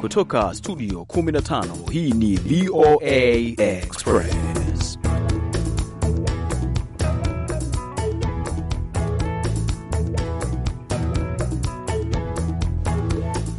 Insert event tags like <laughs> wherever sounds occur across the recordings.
Kutoka studio 15 hii ni VOA Express.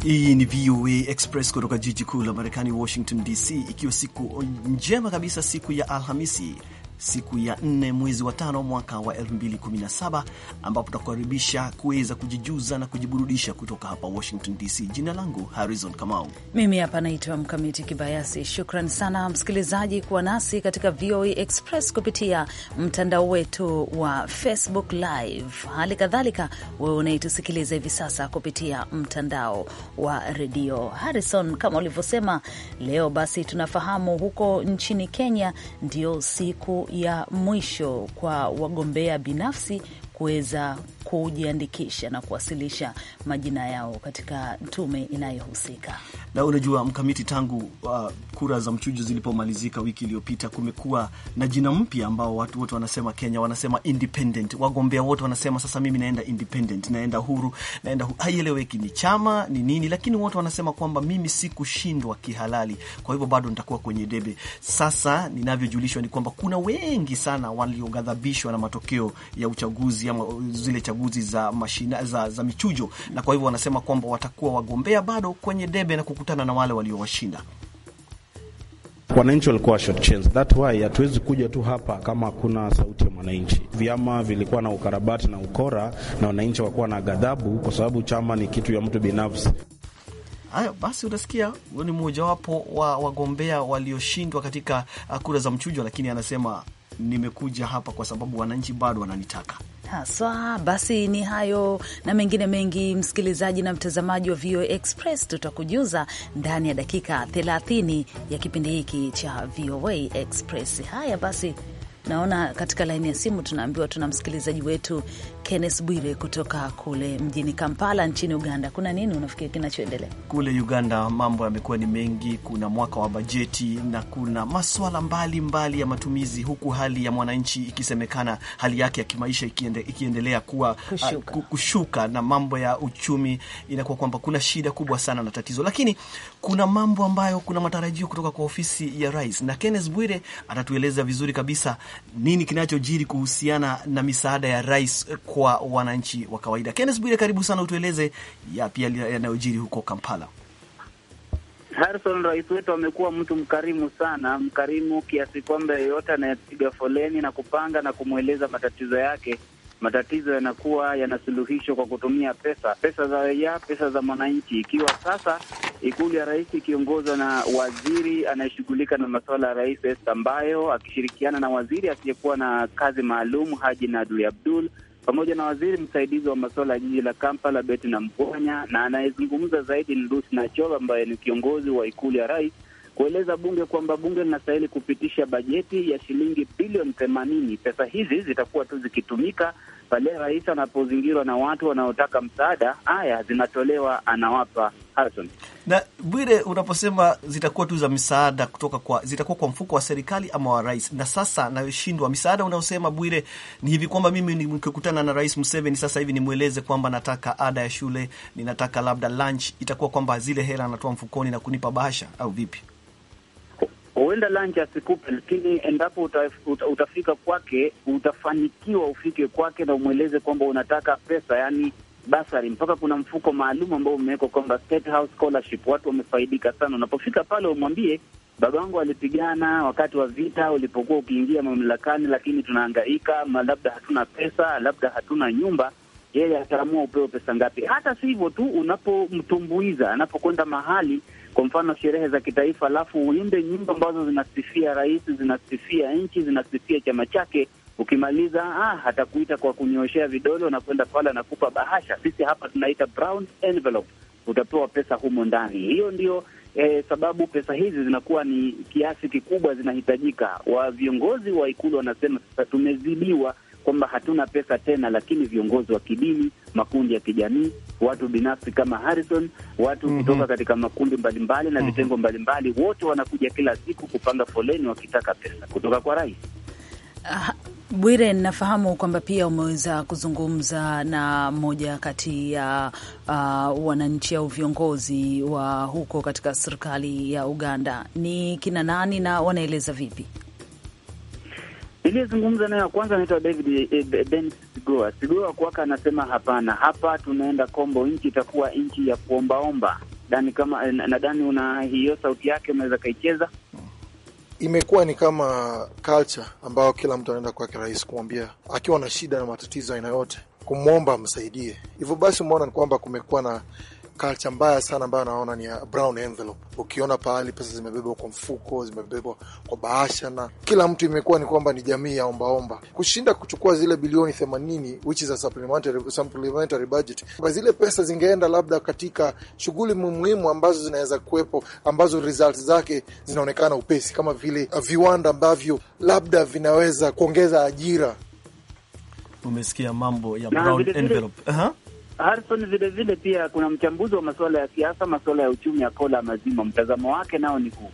Hii ni VOA Express kutoka jiji kuu la Marekani, Washington DC, ikiwa siku njema kabisa, siku ya Alhamisi siku ya nne mwezi wa tano mwaka wa 2017 ambapo tutakukaribisha kuweza kujijuza na kujiburudisha kutoka hapa Washington DC. Jina langu Harrison Kamau, mimi hapa naitwa Mkamiti Kibayasi. Shukran sana msikilizaji kuwa nasi katika VOA e Express kupitia mtandao wetu wa Facebook Live, hali kadhalika wewe unaitusikiliza hivi sasa kupitia mtandao wa redio. Harrison, kama ulivyosema, leo basi tunafahamu huko nchini Kenya ndio siku ya mwisho kwa wagombea binafsi kuweza kujiandikisha na kuwasilisha majina yao katika tume inayohusika. Na unajua mkamiti, tangu uh, kura za mchujo zilipomalizika wiki iliyopita, kumekuwa na jina mpya ambao watu wote wanasema Kenya wanasema independent. Wagombea wote wanasema sasa, mimi naenda independent, naenda huru, naenda huru. Haieleweki ni chama ni nini, lakini wote wanasema kwamba mimi sikushindwa kihalali, kwa hivyo bado nitakuwa kwenye debe. Sasa ninavyojulishwa ni kwamba kuna wengi sana walioghadhabishwa na matokeo ya uchaguzi ama zile chaguzi chaguzi za mashina, za, za michujo, na kwa hivyo wanasema kwamba watakuwa wagombea bado kwenye debe na kukutana na wale waliowashinda. Wananchi walikuwa short chance. That why hatuwezi kuja tu hapa kama hakuna sauti ya mwananchi. Vyama vilikuwa na ukarabati na ukora, na wananchi wakuwa na ghadhabu, kwa sababu chama ni kitu ya mtu binafsi. Haya basi, unasikia ni mmojawapo wa wagombea walioshindwa katika uh, kura za mchujo, lakini anasema nimekuja hapa kwa sababu wananchi bado wananitaka haswa. Basi ni hayo na mengine mengi, msikilizaji na mtazamaji wa VOA Express, tutakujuza ndani ya dakika 30 ya kipindi hiki cha VOA Express. Haya basi Naona katika laini ya simu tunaambiwa tuna msikilizaji wetu Kenneth Bwire kutoka kule mjini Kampala nchini Uganda. Kuna nini unafikiri kinachoendelea kule Uganda? Mambo yamekuwa ni mengi, kuna mwaka wa bajeti na kuna maswala mbalimbali mbali ya matumizi, huku hali ya mwananchi ikisemekana hali yake ya kimaisha ikiende, ikiendelea kuwa ah, kushuka. Uh, kushuka na mambo ya uchumi inakuwa kwamba kuna shida kubwa sana na tatizo, lakini kuna mambo ambayo kuna matarajio kutoka kwa ofisi ya rais, na Kenneth Bwire atatueleza vizuri kabisa nini kinachojiri kuhusiana na misaada ya rais kwa wananchi wa kawaida. Kenneth Bwire, karibu sana, utueleze ya pia yanayojiri huko Kampala. Harrison, rais wetu amekuwa mtu mkarimu sana, mkarimu kiasi kwamba yeyote anayepiga foleni na kupanga na kumweleza matatizo yake, matatizo yanakuwa yanasuluhishwa kwa kutumia pesa, pesa za raia, pesa za mwananchi. Ikiwa sasa Ikulu ya rais ikiongozwa na waziri anayeshughulika na masuala ya rais Esther Mbayo akishirikiana na waziri asiyekuwa na kazi maalum Haji Nadli Abdul pamoja na waziri msaidizi wa masuala ya jiji la Kampala na Mkonya, na anayezungumza zaidi ni Ruth Nachoba ambaye ni kiongozi wa ikulu ya rais kueleza bunge kwamba bunge linastahili kupitisha bajeti ya shilingi bilioni themanini. Pesa hizi zitakuwa tu zikitumika pale rais anapozingirwa na watu wanaotaka msaada, haya zinatolewa anawapa Harrison na Bwire. Unaposema zitakuwa tu za misaada kutoka kwa, zitakuwa kwa mfuko wa serikali ama wa rais, na sasa nayoshindwa misaada unaosema Bwire ni hivi kwamba mimi nikikutana na Rais Museveni sasa hivi nimweleze kwamba nataka ada ya shule, ninataka labda lunch, itakuwa kwamba zile hela anatoa mfukoni na kunipa bahasha au vipi? huenda lanchi asikupe, lakini endapo uta, uta, utafika kwake utafanikiwa ufike kwake na umweleze kwamba unataka pesa, yani basari. Mpaka kuna mfuko maalum ambao umewekwa kwamba State House Scholarship. Watu wamefaidika sana. Unapofika pale umwambie baba wangu alipigana wakati wa vita ulipokuwa ukiingia mamlakani, lakini tunahangaika, labda hatuna pesa, labda hatuna nyumba. Yeye ataamua upewe pesa ngapi. Hata si hivyo tu, unapomtumbuiza anapokwenda mahali kwa mfano sherehe za kitaifa, alafu uimbe nyimbo ambazo zinasifia rais, zinasifia nchi, zinasifia chama chake. Ukimaliza ah, kuita kwa kunyoshea vidole, unakwenda pale anakupa bahasha. Sisi hapa tunaita brown envelope, utapewa pesa humo ndani. Hiyo ndio eh, sababu pesa hizi zinakuwa ni kiasi kikubwa zinahitajika. Wa viongozi wa Ikulu wanasema sasa tumezidiwa kwamba hatuna pesa tena, lakini viongozi wa kidini makundi ya kijamii, watu binafsi kama Harrison, watu mm -hmm. kutoka katika makundi mbalimbali na mhm. vitengo mm -hmm. mbalimbali, wote wanakuja kila siku kupanga foleni wakitaka pesa kutoka kwa rais. Uh, Bwire, nafahamu kwamba pia umeweza kuzungumza na mmoja kati ya uh, wananchi au viongozi wa huko katika serikali ya Uganda. Ni kina nani na wanaeleza vipi? Niliyezungumza naye wa kwanza anaitwa David eh, eh, Ben Sigoa. Sigoa kwaka anasema hapana, hapa tunaenda kombo, nchi itakuwa nchi ya kuombaomba. Dani kama eh, nadhani una hiyo sauti yake, unaweza kaicheza. Imekuwa ni kama culture ambayo kila mtu anaenda kwake rahis kumwambia akiwa na shida na matatizo aina yote, kumwomba amsaidie. Hivyo basi umeona ni kwamba kumekuwa na culture mbaya sana ambayo naona ni brown envelope. Ukiona pahali pesa zimebebwa kwa mfuko, zimebebwa kwa bahasha, na kila mtu imekuwa ni kwamba ni jamii ya ombaomba omba. Kushinda kuchukua zile bilioni 80 which is a supplementary, supplementary budget, zile pesa zingeenda labda katika shughuli muhimu ambazo zinaweza kuwepo, ambazo results zake zinaonekana upesi, kama vile viwanda ambavyo labda vinaweza kuongeza ajira. Umesikia mambo ya brown envelope. Uh-huh. Harrison, vile vile pia kuna mchambuzi wa masuala ya siasa, masuala ya uchumi, Akola Mazima, mtazamo wake nao ni huu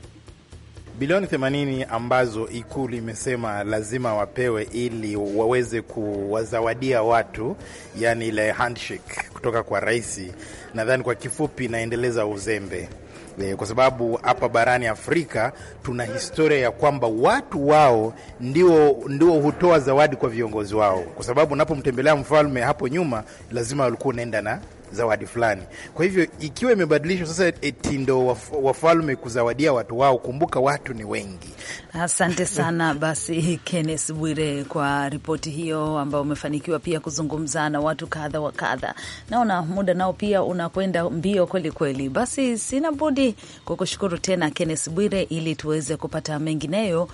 bilioni 80 ambazo Ikulu imesema lazima wapewe ili waweze kuwazawadia watu, yani ile handshake kutoka kwa rais, nadhani kwa kifupi inaendeleza uzembe eh, kwa sababu hapa barani Afrika tuna historia ya kwamba watu wao ndio, ndio hutoa zawadi kwa viongozi wao, kwa sababu unapomtembelea mfalme hapo nyuma lazima walikuwa unaenda na zawadi fulani. Kwa hivyo ikiwa imebadilishwa sasa eti ndo wafalme kuzawadia watu wao, kumbuka watu ni wengi. Asante <laughs> sana basi Kennes Bwire kwa ripoti hiyo ambayo umefanikiwa pia kuzungumza na watu kadha wa kadha. Naona muda nao pia unakwenda mbio kweli kweli, basi sina budi kukushukuru tena Kennes Bwire ili tuweze kupata mengineyo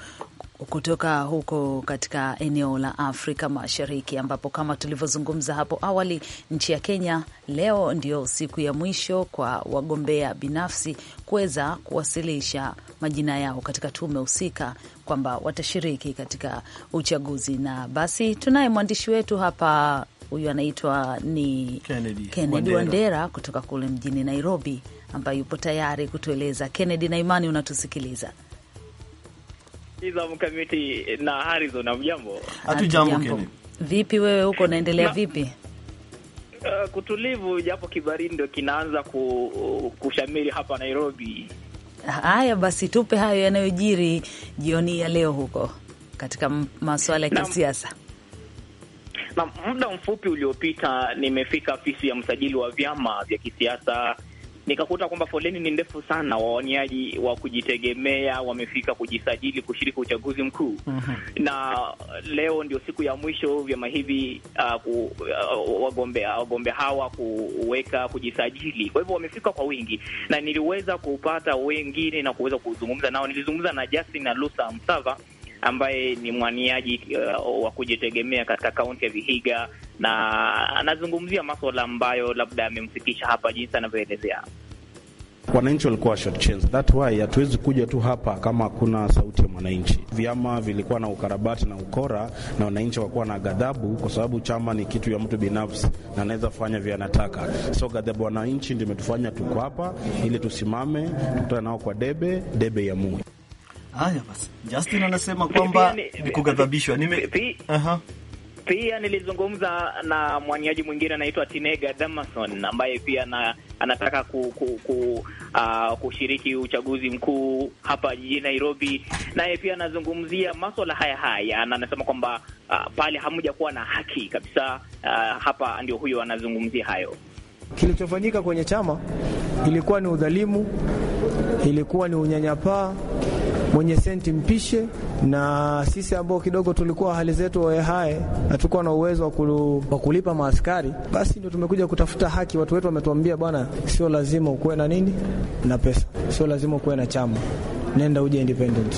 kutoka huko katika eneo la Afrika Mashariki, ambapo kama tulivyozungumza hapo awali, nchi ya Kenya leo ndio siku ya mwisho kwa wagombea binafsi kuweza kuwasilisha majina yao katika tume husika kwamba watashiriki katika uchaguzi. Na basi tunaye mwandishi wetu hapa, huyu anaitwa ni Kennedy, Kennedy Wandera kutoka kule mjini Nairobi, ambaye yupo tayari kutueleza. Kennedy na Imani, unatusikiliza? Kiza Mkamiti na Harrison, amjambo? Hatujambo. Kene, vipi wewe huko unaendelea vipi? Uh, kutulivu japo kibaridi ndio kinaanza ku, uh, kushamiri hapa Nairobi. Haya basi, tupe hayo yanayojiri jioni ya leo huko katika masuala ya kisiasa. Na muda mfupi uliopita nimefika afisi ya msajili wa vyama vya kisiasa nikakuta kwamba foleni ni ndefu sana, waoniaji wa kujitegemea wamefika kujisajili kushiriki uchaguzi mkuu uh mhm. -huh. na leo ndio siku ya mwisho vyama hivi uh, ah, uh, ah, wagombea ah, wagombe hawa kuweka kujisajili. Kwa hivyo wamefika kwa wingi, na niliweza kupata wengine na kuweza kuzungumza nao. Nilizungumza na Justin na Lusa Msava ambaye ni mwaniaji uh, wa kujitegemea katika kaunti ya Vihiga, na anazungumzia maswala ambayo labda yamemfikisha hapa jinsi anavyoelezea. Wananchi walikuwa that why hatuwezi kuja tu hapa kama hakuna sauti ya mwananchi. Vyama vilikuwa na ukarabati na ukora, na wananchi wakuwa na ghadhabu, kwa sababu chama ni kitu ya mtu binafsi na anaweza fanya vile anataka. So ghadhabu wananchi ndio imetufanya tuko hapa, ili tusimame, tukutane nao kwa debe debe ya mui Haya basi, Justin anasema kwamba ni kugadhabishwa nime aha pia nilizungumza na mwaniaji mwingine anaitwa Tinega Damason ambaye pia na, anataka ku, ku, ku, uh, kushiriki uchaguzi mkuu hapa jijini Nairobi. Naye pia anazungumzia maswala haya haya na anasema kwamba uh, pale kuwa na haki kabisa. Uh, hapa ndio huyo anazungumzia hayo. Kilichofanyika kwenye chama ilikuwa ni udhalimu, ilikuwa ni unyanyapaa mwenye senti mpishe, na sisi ambao kidogo tulikuwa hali zetu waehae, hatukuwa na uwezo wa kulipa maaskari, basi ndio tumekuja kutafuta haki. Watu wetu wametuambia, bwana, sio lazima ukuwe na nini na pesa, sio lazima ukuwe na chama, nenda uje independent.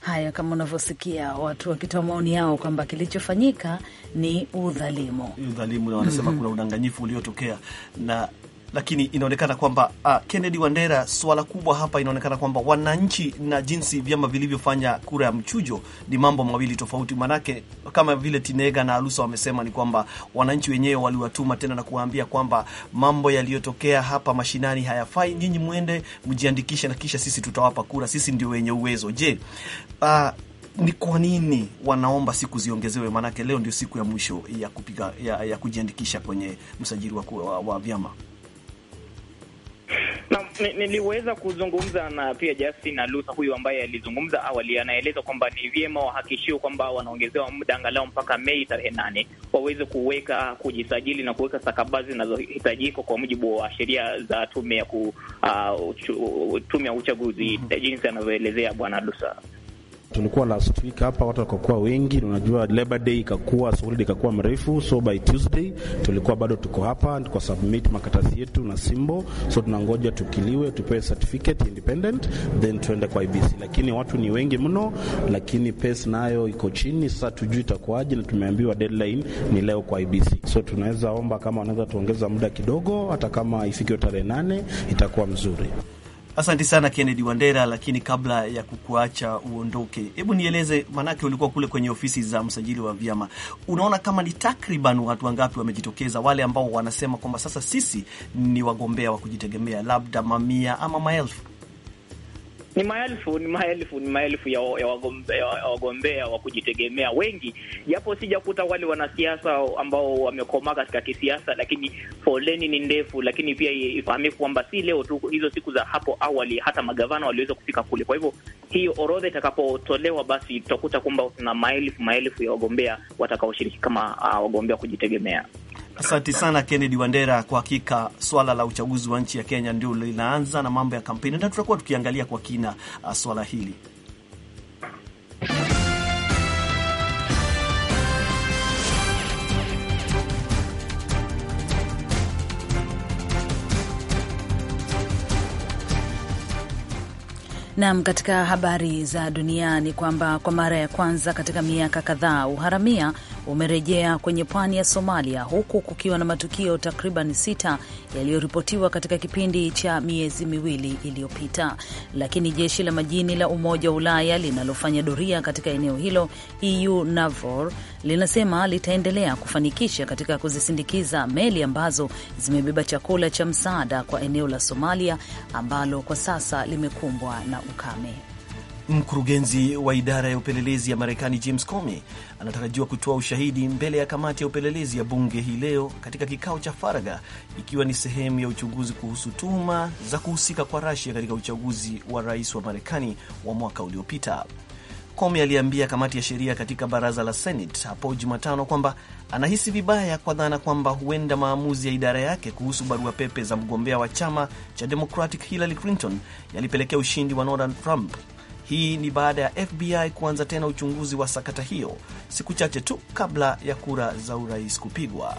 Haya, kama unavyosikia watu wakitoa maoni yao kwamba kilichofanyika ni udhalimu, udhalimu na wanasema mm -hmm. kuna udanganyifu uliotokea na lakini inaonekana kwamba uh, Kennedy Wandera, swala kubwa hapa inaonekana kwamba wananchi na jinsi vyama vilivyofanya kura ya mchujo ni mambo mawili tofauti. Manake kama vile Tinega na Alusa wamesema ni kwamba wananchi wenyewe waliwatuma tena na kuwaambia kwamba mambo yaliyotokea hapa mashinani hayafai, nyinyi mwende mjiandikishe na kisha sisi tutawapa kura, sisi ndio wenye uwezo. Je, uh, ni kwa nini wanaomba siku ziongezewe? Maanake leo ndio siku ya mwisho ya kupiga ya, ya kujiandikisha kwenye msajili wa, wa, wa vyama. Na niliweza kuzungumza na pia Justin Alusa huyu ambaye alizungumza awali, anaeleza kwamba ni vyema wahakikishiwe kwamba wanaongezewa muda angalau mpaka Mei tarehe nane waweze kuweka kujisajili na kuweka stakabadhi zinazohitajika kwa mujibu wa sheria za tume ya ku, uh, tume ya uchaguzi mhm. jinsi anavyoelezea bwana Alusa tulikuwa last week hapa, watu wakakuwa wengi, unajua Labor Day ikakuwa shughuli ikakuwa mrefu, so by Tuesday tulikuwa bado tuko hapa kwa submit makaratasi yetu na simbo, so tunangoja tukiliwe, tupewe certificate independent, then tuende kwa IBC. Lakini watu ni wengi mno, lakini pace nayo iko chini. Sasa tujui itakuwaje, na tumeambiwa deadline ni leo kwa IBC, so tunaweza omba kama wanaweza tuongeza muda kidogo, hata kama ifikie tarehe nane itakuwa mzuri. Asante sana Kennedy Wandera, lakini kabla ya kukuacha uondoke, hebu nieleze, maanake ulikuwa kule kwenye ofisi za msajili wa vyama, unaona kama ni takriban watu wangapi wamejitokeza, wale ambao wanasema kwamba sasa sisi ni wagombea wa kujitegemea, labda mamia ama maelfu? ni maelfu ni maelfu ni maelfu ya, ya wagombea wa kujitegemea wengi, japo sijakuta wale wanasiasa ambao wamekomaa katika kisiasa, lakini foleni ni ndefu. Lakini pia ifahamike kwamba si leo tu, hizo siku za hapo awali hata magavana waliweza kufika kule. Kwa hivyo hii orodha itakapotolewa, basi tutakuta kwamba tuna maelfu maelfu ya wagombea watakaoshiriki kama uh, wagombea kujitegemea. Asante sana Kennedy Wandera. Kwa hakika swala la uchaguzi wa nchi ya Kenya ndio linaanza na mambo ya kampeni, na tutakuwa tukiangalia kwa kina uh, swala hili. Nam, katika habari za dunia ni kwamba kwa mara ya kwanza katika miaka kadhaa uharamia umerejea kwenye pwani ya Somalia huku kukiwa na matukio takriban sita yaliyoripotiwa katika kipindi cha miezi miwili iliyopita, lakini jeshi la majini la Umoja wa Ulaya linalofanya doria katika eneo hilo EU NAVFOR linasema litaendelea kufanikisha katika kuzisindikiza meli ambazo zimebeba chakula cha msaada kwa eneo la Somalia ambalo kwa sasa limekumbwa na ukame. Mkurugenzi wa idara ya upelelezi ya Marekani James Comey anatarajiwa kutoa ushahidi mbele ya kamati ya upelelezi ya bunge hii leo katika kikao cha faraga ikiwa ni sehemu ya uchunguzi kuhusu tuhuma za kuhusika kwa Rasia katika uchaguzi wa rais wa Marekani wa mwaka uliopita. Comey aliambia kamati ya sheria katika baraza la Senate hapo Jumatano kwamba anahisi vibaya kwa dhana kwamba huenda maamuzi ya idara yake kuhusu barua pepe za mgombea wa chama cha Democratic Hillary Clinton yalipelekea ushindi wa Donald Trump hii ni baada ya FBI kuanza tena uchunguzi wa sakata hiyo siku chache tu kabla ya kura za urais kupigwa.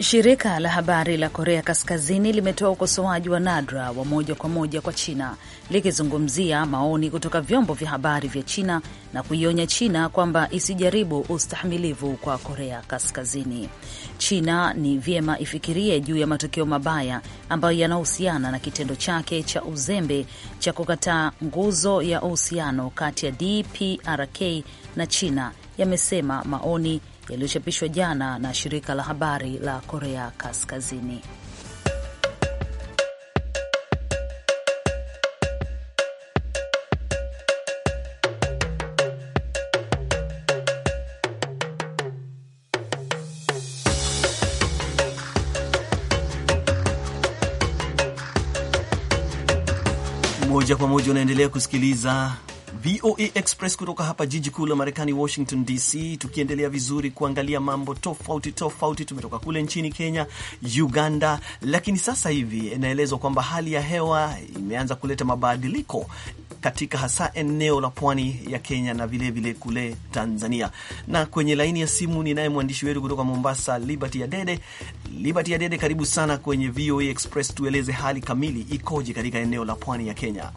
Shirika la habari la Korea Kaskazini limetoa ukosoaji wa nadra wa moja kwa moja kwa China likizungumzia maoni kutoka vyombo vya habari vya China na kuionya China kwamba isijaribu ustahimilivu kwa Korea Kaskazini. China ni vyema ifikirie juu ya matokeo mabaya ambayo yanahusiana na kitendo chake cha uzembe cha kukataa nguzo ya uhusiano kati ya DPRK na China, yamesema maoni yaliyochapishwa jana na shirika la habari la Korea Kaskazini. Moja kwa moja unaendelea kusikiliza VOA Express kutoka hapa jiji kuu la Marekani, Washington DC, tukiendelea vizuri kuangalia mambo tofauti tofauti. Tumetoka kule nchini Kenya, Uganda, lakini sasa hivi inaelezwa kwamba hali ya hewa imeanza kuleta mabadiliko katika hasa eneo la pwani ya Kenya na vilevile vile kule Tanzania. Na kwenye laini ya simu ninaye mwandishi wetu kutoka Mombasa, Liberty Adede. Liberty Adede, karibu sana kwenye VOA Express, tueleze hali kamili ikoje katika eneo la pwani ya Kenya.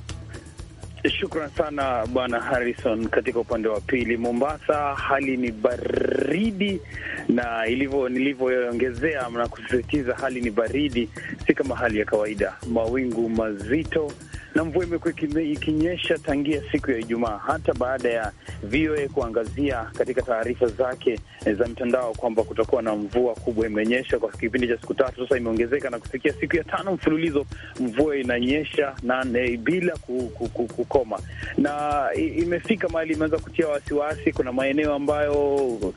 Shukran sana bwana Harrison. Katika upande wa pili Mombasa, hali ni baridi, na ilivyo nilivyoongezea na kusisitiza, hali ni baridi, si kama hali ya kawaida. Mawingu mazito na mvua imekuwa ikinyesha tangia siku ya Ijumaa, hata baada ya VOA kuangazia katika taarifa zake za mtandao kwamba kutakuwa na mvua kubwa. Imenyesha kwa kipindi cha siku tatu sasa, imeongezeka na kufikia siku ya tano mfululizo mvua inanyesha na bila kukoma, na imefika mahali imeweza kutia wasiwasi. Kuna maeneo ambayo uh,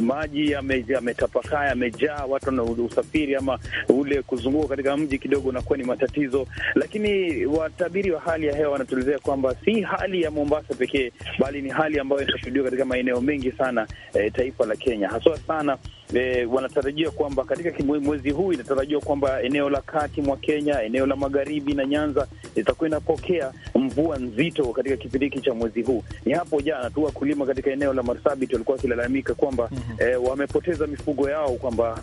maji yametapakaa, yamejaa, watu wana usafiri ama ule kuzunguka katika mji kidogo unakuwa ni matatizo, lakini wata watabiri wa hali ya hewa wanatuelezea kwamba si hali ya Mombasa pekee, bali ni hali ambayo inashuhudiwa katika maeneo mengi sana e, taifa la Kenya haswa sana e, wanatarajia kwamba katika mwezi huu inatarajiwa kwamba eneo la kati mwa Kenya, eneo la magharibi na Nyanza itakuwa inapokea mvua nzito katika kipindi hiki cha mwezi huu. Ni hapo jana tu wakulima katika eneo la Marsabit walikuwa wakilalamika kwamba mm -hmm. e, wamepoteza mifugo yao, kwamba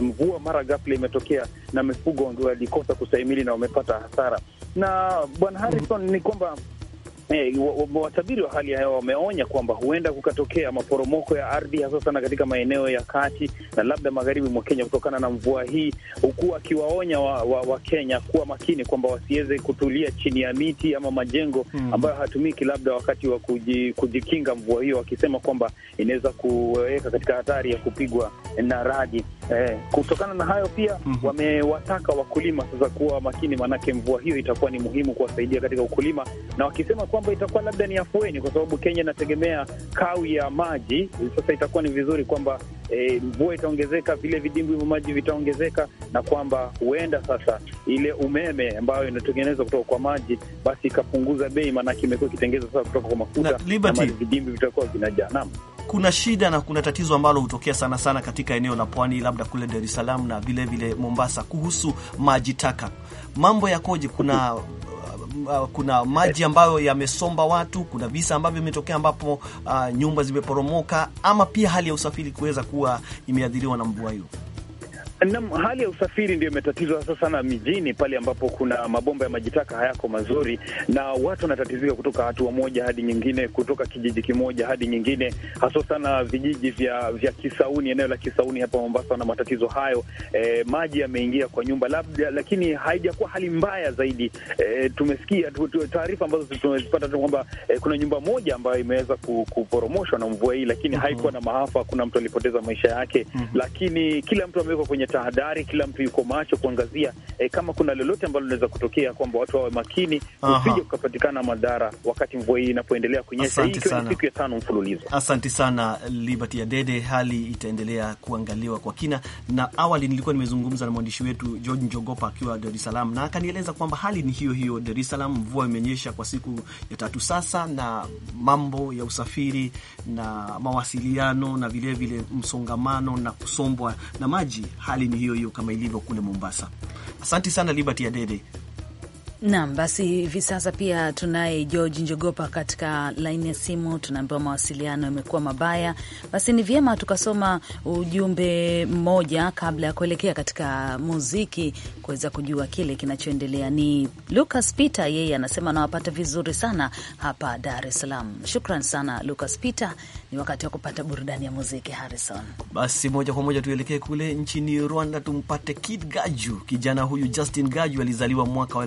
mvua mara ghafla imetokea na mifugo walikosa kustahimili na wamepata hasara. Na bwana Harrison, mm -hmm. ni kwamba E, watabiri wa hali ya hewa wameonya kwamba huenda kukatokea maporomoko ya ardhi hasa sana katika maeneo ya kati na labda magharibi mwa Kenya kutokana na mvua hii, huku akiwaonya Wakenya wa, wa kuwa makini kwamba wasiweze kutulia chini ya miti ama majengo hmm, ambayo hatumiki labda wakati wa kujikinga mvua hiyo, wakisema kwamba inaweza kuweka katika hatari ya kupigwa na radi. Eh, kutokana na hayo pia mm -hmm. wamewataka wakulima sasa kuwa makini, maanake mvua hiyo itakuwa ni muhimu kuwasaidia katika ukulima, na wakisema kwamba itakuwa labda ni afueni, kwa sababu Kenya inategemea kawi ya maji. Sasa itakuwa ni vizuri kwamba eh, mvua itaongezeka, vile vidimbwi vya maji vitaongezeka, na kwamba huenda sasa ile umeme ambayo inatengenezwa kutoka kwa maji basi ikapunguza bei, maanake imekuwa ikitengenezwa sasa kutoka kwa mafuta na maji, vidimbwi vitakuwa vinajaa. Naam kuna shida na kuna tatizo ambalo hutokea sana sana katika eneo la pwani, labda kule Dar es Salaam na vilevile Mombasa, kuhusu maji taka. Mambo yakoje? Kuna uh, uh, kuna maji ambayo yamesomba watu, kuna visa ambavyo vimetokea ambapo uh, nyumba zimeporomoka, ama pia hali ya usafiri kuweza kuwa imeathiriwa na mvua hiyo. Nam, hali ya usafiri ndio imetatizwa hasa sana mijini pale ambapo kuna mabomba ya majitaka hayako mazuri, na watu wanatatizika kutoka hatua moja hadi nyingine, kutoka kijiji kimoja hadi nyingine, hasa sana vijiji vya vya Kisauni, eneo la Kisauni hapa Mombasa na matatizo hayo. E, maji yameingia kwa nyumba labda, lakini haijakuwa hali mbaya zaidi. E, tumesikia taarifa ambazo tumezipata tu kwamba e, kuna nyumba moja ambayo imeweza kuporomoshwa na mvua hii, lakini mm -hmm. haikuwa na maafa, kuna mtu alipoteza maisha yake mm -hmm. lakini kila mtu amewekwa kwenye tahadhari, kila mtu yuko macho kuangazia e, kama kuna lolote ambalo linaweza kutokea, kwamba watu wawe makini, usije ukapatikana madhara wakati mvua hii inapoendelea kunyesha, hii ikiwa ni siku ya tano mfululizo. Asante sana Liberty Adede, hali itaendelea kuangaliwa kwa kina, na awali nilikuwa nimezungumza na mwandishi wetu George Njogopa akiwa Dar es Salaam, na akanieleza kwamba hali ni hiyo hiyo Dar es Salaam. Mvua imenyesha kwa siku ya tatu sasa, na mambo ya usafiri na mawasiliano na vilevile vile msongamano na kusombwa na maji hali hali ni hiyo hiyo kama ilivyo kule Mombasa. Asante sana Liberty Adede Naam, basi hivi sasa pia tunaye George Njogopa katika laini ya simu. Tunaambiwa mawasiliano yamekuwa mabaya, basi ni vyema tukasoma ujumbe mmoja kabla ya kuelekea katika muziki kuweza kujua kile kinachoendelea. Ni Lucas Peter, yeye anasema anawapata vizuri sana hapa Dar es Salaam. Shukran sana Lucas Peter, ni wakati wa kupata burudani ya muziki. Harrison, basi moja kwa moja tuelekee kule nchini Rwanda tumpate Kid Gaju. Kijana huyu Justin Gaju alizaliwa mwaka wa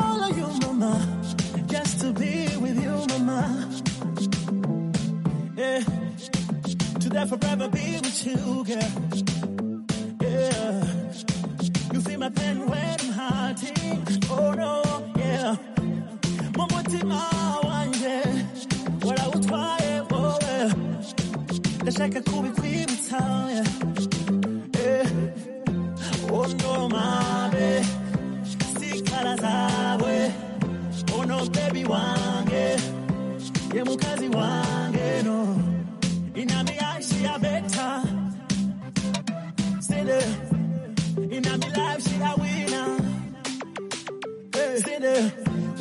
to be with you, mama. Yeah, to that forever be with you, girl. Yeah, you see my pain when I'm hurting. Oh no, yeah. I Mumutima wanje, wala utwaye wowe. Ndashaka kubikwimitsa, yeah. Ye mukazi wange no inami life she a better Sele inami life she a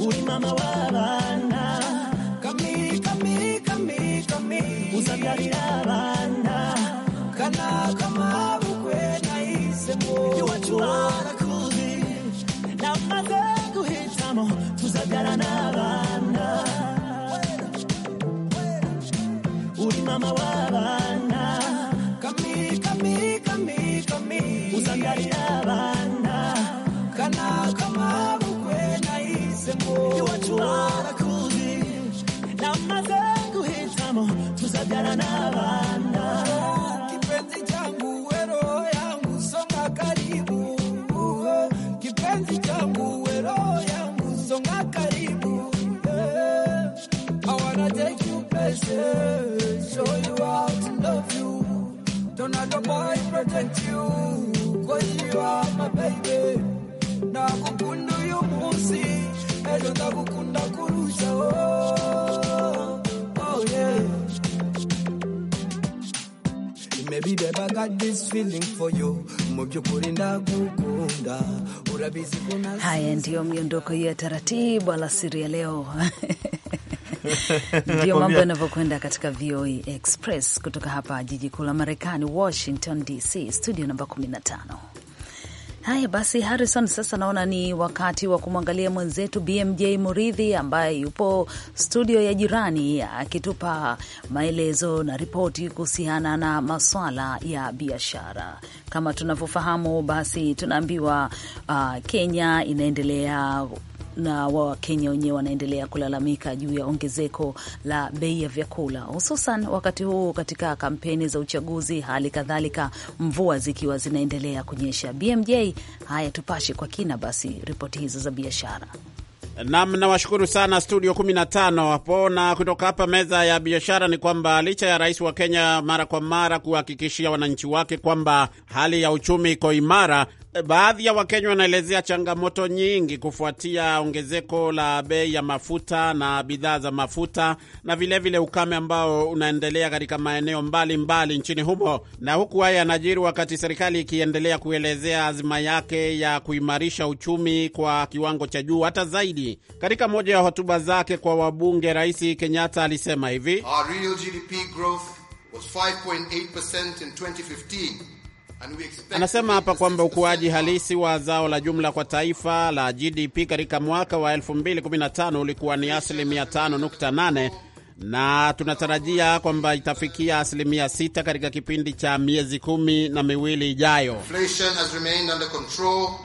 uri mama wa bana Kami kami kami kami usagarira bana Kana kama bukwe na isemo Iwachu warakuzi Namaze guhitamo tuzagarana bana mama wa bana kami kami kami kami usangalira bana kana kama bukwe na isemo iwacu warakuzi namaze guhitamo tuzabyarana bana Oh, oh, Haya ndiyo miondoko hiyo ya taratibu alasiri ya leo <laughs> <laughs> ndio mambo yanavyokwenda katika VOA e Express kutoka hapa jiji kuu la Marekani, Washington DC, studio namba 15. Haya basi, Harrison, sasa naona ni wakati wa kumwangalia mwenzetu BMJ Muridhi ambaye yupo studio ya jirani akitupa maelezo na ripoti kuhusiana na maswala ya biashara. Kama tunavyofahamu, basi tunaambiwa uh, Kenya inaendelea na wa Wakenya wenyewe wanaendelea kulalamika juu ya ongezeko la bei ya vyakula, hususan wakati huu katika kampeni za uchaguzi, hali kadhalika mvua zikiwa zinaendelea kunyesha. BMJ, haya tupashe kwa kina basi ripoti hizo za biashara. Nam, nawashukuru sana studio 15 hapo. Na kutoka hapa meza ya biashara ni kwamba licha ya rais wa Kenya mara kwa mara kuhakikishia wananchi wake kwamba hali ya uchumi iko imara, Baadhi ya Wakenya wanaelezea changamoto nyingi kufuatia ongezeko la bei ya mafuta na bidhaa za mafuta na vilevile vile ukame ambao unaendelea katika maeneo mbalimbali mbali nchini humo, na huku haya yanajiri wakati serikali ikiendelea kuelezea azima yake ya kuimarisha uchumi kwa kiwango cha juu hata zaidi. Katika moja ya hotuba zake kwa wabunge, Rais Kenyatta alisema hivi: Our real GDP growth was 5.8% in 2015. Anasema hapa kwamba ukuaji halisi wa zao la jumla kwa taifa la GDP katika mwaka wa 2015 ulikuwa ni asilimia 5.8 na tunatarajia kwamba itafikia asilimia sita katika kipindi cha miezi kumi na miwili ijayo.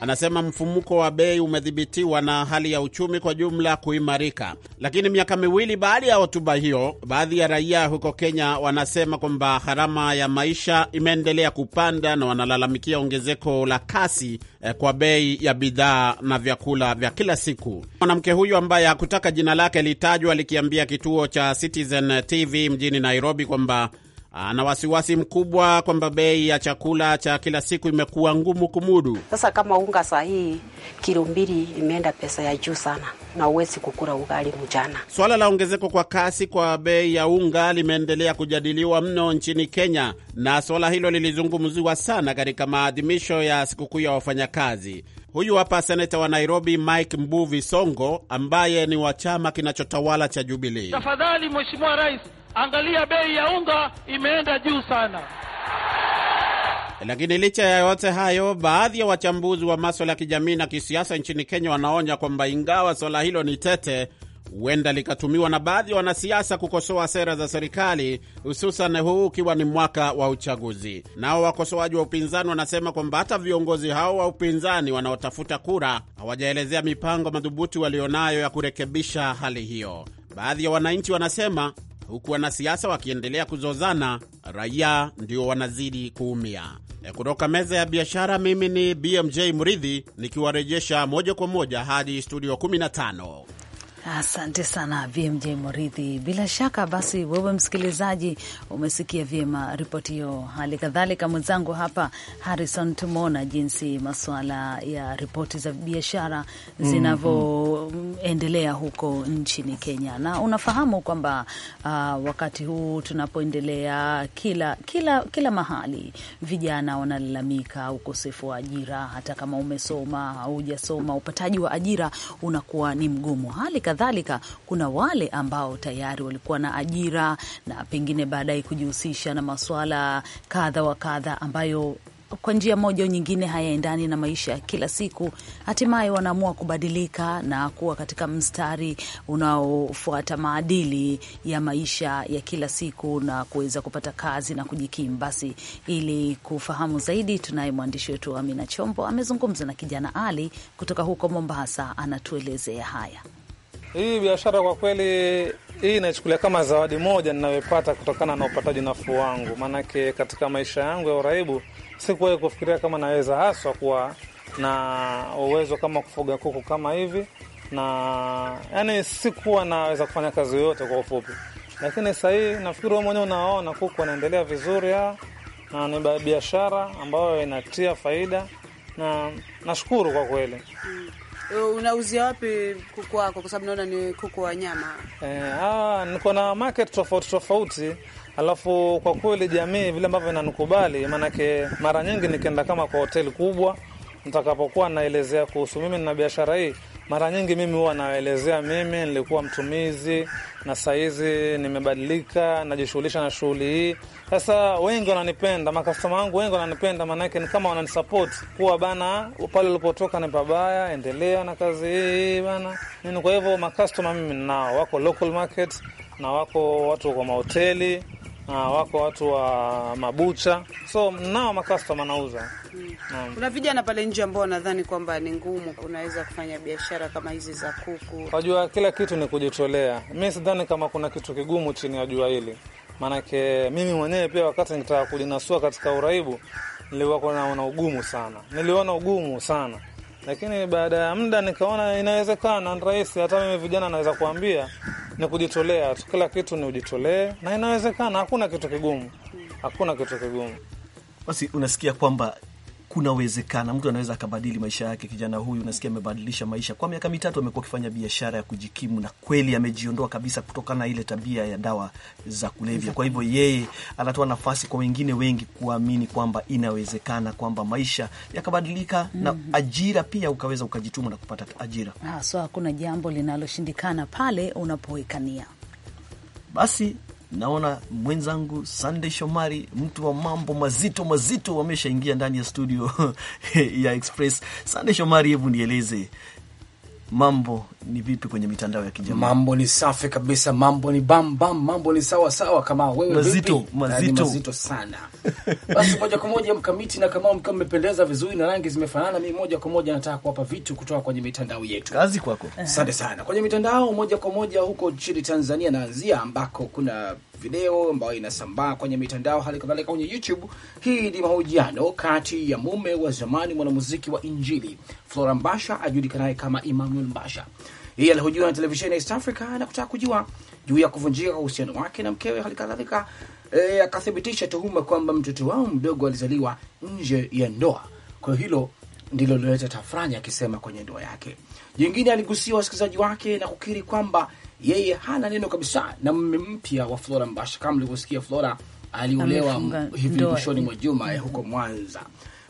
Anasema mfumuko wa bei umedhibitiwa na hali ya uchumi kwa jumla kuimarika. Lakini miaka miwili baada ya hotuba hiyo, baadhi ya raia huko Kenya wanasema kwamba gharama ya maisha imeendelea kupanda na wanalalamikia ongezeko la kasi eh, kwa bei ya bidhaa na vyakula vya kila siku. Mwanamke huyu ambaye hakutaka jina lake litajwa, likiambia kituo cha Citizen TV mjini Nairobi kwamba ah, ana wasiwasi mkubwa kwamba bei ya chakula cha kila siku imekuwa ngumu kumudu. Sasa kama unga saa hii kilo mbili imeenda pesa ya juu sana, na uwezi kukula ugali mchana. Swala la ongezeko kwa kasi kwa bei ya unga limeendelea kujadiliwa mno nchini Kenya, na swala hilo lilizungumziwa sana katika maadhimisho ya sikukuu ya wafanyakazi. Huyu hapa seneta wa Nairobi Mike Mbuvi Songo ambaye ni wa chama kinachotawala cha jubilii Tafadhali Mheshimiwa Rais, angalia bei ya unga imeenda juu sana. Lakini licha ya yote hayo, baadhi ya wachambuzi wa maswala ya kijamii na kisiasa nchini Kenya wanaonya kwamba ingawa swala hilo ni tete, huenda likatumiwa na baadhi ya wanasiasa kukosoa sera za serikali, hususan huu ukiwa ni mwaka wa uchaguzi. Nao wakosoaji wa upinzani wanasema kwamba hata viongozi hao wa upinzani wanaotafuta kura hawajaelezea mipango madhubuti walionayo ya kurekebisha hali hiyo. Baadhi ya wananchi wanasema huku wanasiasa wakiendelea kuzozana, raia ndio wanazidi kuumia. E, kutoka meza ya biashara, mimi ni BMJ Mridhi nikiwarejesha moja kwa moja hadi studio 15. Asante sana VMJ Moridhi. Bila shaka basi, wewe msikilizaji umesikia vyema ripoti hiyo, hali kadhalika mwenzangu hapa Harrison. Tumeona jinsi masuala ya ripoti za biashara mm-hmm. zinavyoendelea huko nchini Kenya, na unafahamu kwamba uh, wakati huu tunapoendelea, kila kila kila mahali vijana wanalalamika ukosefu wa ajira. Hata kama umesoma au hujasoma, upataji wa ajira unakuwa ni mgumu. hali kadhalika kuna wale ambao tayari walikuwa na ajira na pengine baadaye kujihusisha na masuala kadha wa kadha ambayo kwa njia moja au nyingine hayaendani na maisha ya kila siku, hatimaye wanaamua kubadilika na kuwa katika mstari unaofuata maadili ya maisha ya kila siku na kuweza kupata kazi na kujikimu. Basi, ili kufahamu zaidi, tunaye mwandishi wetu Amina Chombo amezungumza na kijana Ali kutoka huko Mombasa, anatuelezea haya. Hii biashara kwa kweli hii naichukulia kama zawadi moja ninayopata kutokana na upataji nafuu wangu, maanake katika maisha yangu ya uraibu sikuwahi kufikiria kama naweza haswa kuwa na uwezo kama kufuga kuku kama hivi, na yani sikuwa naweza kufanya kazi yoyote kwa ufupi, lakini sasa hii nafikiri wewe mwenyewe unaona kuku anaendelea vizuri ya, na ni biashara ambayo inatia faida na nashukuru kwa kweli. Eh, unauzia wapi kuku wako? Kwa sababu naona ni kuku wa nyama. Eh, ah, niko na market tofauti tofauti, alafu kwa kweli jamii vile ambavyo inanikubali, maanake mara nyingi nikienda kama kwa hoteli kubwa, nitakapokuwa naelezea kuhusu mimi na biashara hii mara nyingi mimi huwa nawaelezea, mimi nilikuwa mtumizi na sahizi nimebadilika, najishughulisha na shughuli hii. Sasa wengi wananipenda, makastoma wangu wengi wananipenda, maanake ni kama wananisapoti kuwa bana, pale ulipotoka ni pabaya, endelea na kazi hii bana nini. Kwa hivyo makastoma mimi ninao, wako local market na wako watu kwa mahoteli na ah, wako watu wa mabucha, so nao makastoma nauza. Hmm. Kuna vijana pale nje ambao wanadhani kwamba ni ngumu, unaweza kufanya biashara kama hizi za kuku. Wajua, kila kitu ni kujitolea. Mi sidhani kama kuna kitu kigumu chini ya jua hili, maanake mimi mwenyewe pia wakati nikitaka kujinasua katika uraibu nilikuwa naona ugumu sana, niliona ugumu sana lakini baada ya muda nikaona inawezekana, rahisi. Hata mimi vijana naweza kuambia <laughs> ni kujitolea tu, kila kitu ni ujitolee, na inawezekana. Hakuna kitu kigumu, hakuna kitu kigumu. Basi unasikia kwamba kunawezekana, mtu anaweza akabadili maisha yake. Kijana huyu nasikia amebadilisha maisha, kwa miaka mitatu amekuwa akifanya biashara ya kujikimu, na kweli amejiondoa kabisa kutokana na ile tabia ya dawa za kulevya. Kwa hivyo, yeye anatoa nafasi kwa wengine wengi kuamini kwamba inawezekana, kwamba maisha yakabadilika mm -hmm. na mhm. ajira pia ukaweza ukajituma na kupata ajira haswa. Ah, so, hakuna jambo linaloshindikana pale unapowekania basi naona mwenzangu Sandey Shomari, mtu wa mambo mazito mazito, wameshaingia ndani ya studio <laughs> ya Express. Sandey Shomari, hebu nieleze mambo ni vipi kwenye mitandao ya kijamii? Mambo ni safi kabisa, mambo ni bam bam, mambo ni sawa sawa. Kama wewe mazito, vipi? mazito. mazito sana basi moja kwa moja mkamiti na kama mkiwa mmependeza vizuri na rangi zimefanana, mimi moja kwa moja nataka kuwapa vitu kutoka kwenye mitandao yetu. Kazi kwako, asante sana. Kwenye mitandao moja kwa moja huko nchini Tanzania naanzia ambako kuna video ambayo inasambaa kwenye mitandao, hali kadhalika kwenye YouTube. Hii ni mahojiano kati ya mume wa zamani mwanamuziki wa Injili Flora Mbasha ajulikanaye kama Emmanuel Mbasha yeye alihojiwa na televisheni ya East Africa na kutaka kujua juu ya kuvunjika kwa uhusiano wake na mkewe, hali kadhalika e, akathibitisha tuhuma kwamba mtoto wao mdogo alizaliwa nje ya ndoa. Kwa hiyo hilo ndilo liloleta tafrani, akisema kwenye ndoa yake. Jingine, aligusia wasikilizaji wake na kukiri kwamba yeye hana neno kabisa na mume mpya wa Flora Mbasha. Kama mlivyosikia, Flora aliolewa hivi mwishoni mwa juma huko Mwanza.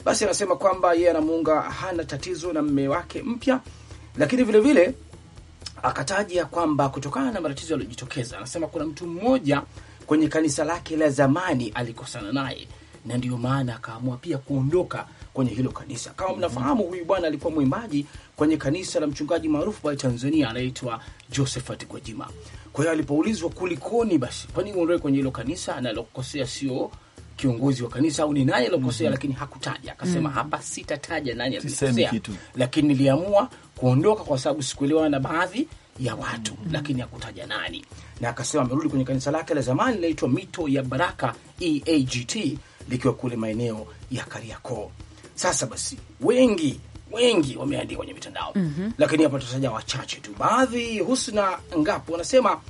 Basi anasema kwamba yeye anamuunga, hana tatizo na mume wake mpya, lakini vilevile vile, akataja kwamba kutokana na matatizo yaliyojitokeza, anasema kuna mtu mmoja kwenye kanisa lake la zamani alikosana naye na ndio maana akaamua pia kuondoka kwenye hilo kanisa. Kama mhm. mnafahamu, huyu bwana alikuwa mwimbaji kwenye kanisa la mchungaji maarufu pale Tanzania anaitwa Josephat Gwajima. Kwa hiyo alipoulizwa kulikoni, basi kwani uondoke kwenye hilo kanisa analokosea sio kiongozi wa kanisa au ni nani alokosea? mm -hmm. Lakini hakutaja akasema, mm -hmm. hapa sitataja nani alikosea, lakini niliamua kuondoka kwa sababu sikuelewana na baadhi ya watu mm -hmm. Lakini hakutaja nani, na akasema amerudi kwenye kanisa lake la zamani linaitwa Mito ya Baraka EAGT likiwa kule maeneo ya Kariakoo. Sasa basi, wengi wengi wameandika kwenye mitandao mm -hmm. Lakini hapa tutataja wachache tu. Baadhi, Husna Ngapo wanasema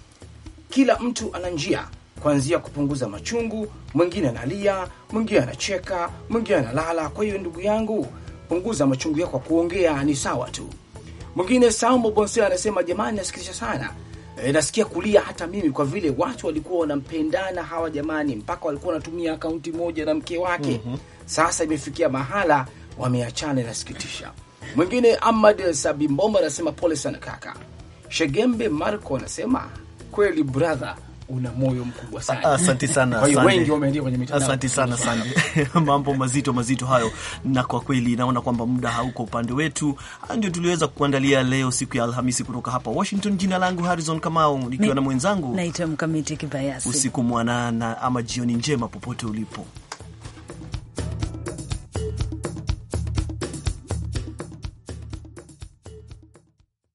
kila mtu ana njia kuanzia kupunguza machungu, mwingine analia, mwingine anacheka, mwingine analala. Kwa hiyo ndugu yangu, punguza machungu yako kwa kuongea, ni sawa tu. Mwingine salmo bonse anasema jamani, nasikitisha sana e, nasikia kulia hata mimi kwa vile watu walikuwa wanampendana hawa jamani, mpaka walikuwa wanatumia akaunti moja na mke wake mm -hmm. Sasa imefikia mahala wameachana, inasikitisha. Mwingine Ahmad Sabimbomba anasema pole sana kaka. Shegembe Marco anasema kweli brother una moyo mkubwa sana. Asante sana, wengi wameandika kwenye mitandao. Asante sana sana, <laughs> mambo mazito mazito hayo, na kwa kweli naona kwamba muda hauko upande wetu, ndio tuliweza kuandalia leo siku ya Alhamisi kutoka hapa Washington. Jina langu Harrison Kamau, nikiwa na mwenzangu naitwa Mkamiti Kibayasi. Usiku mwanana ama jioni njema popote ulipo.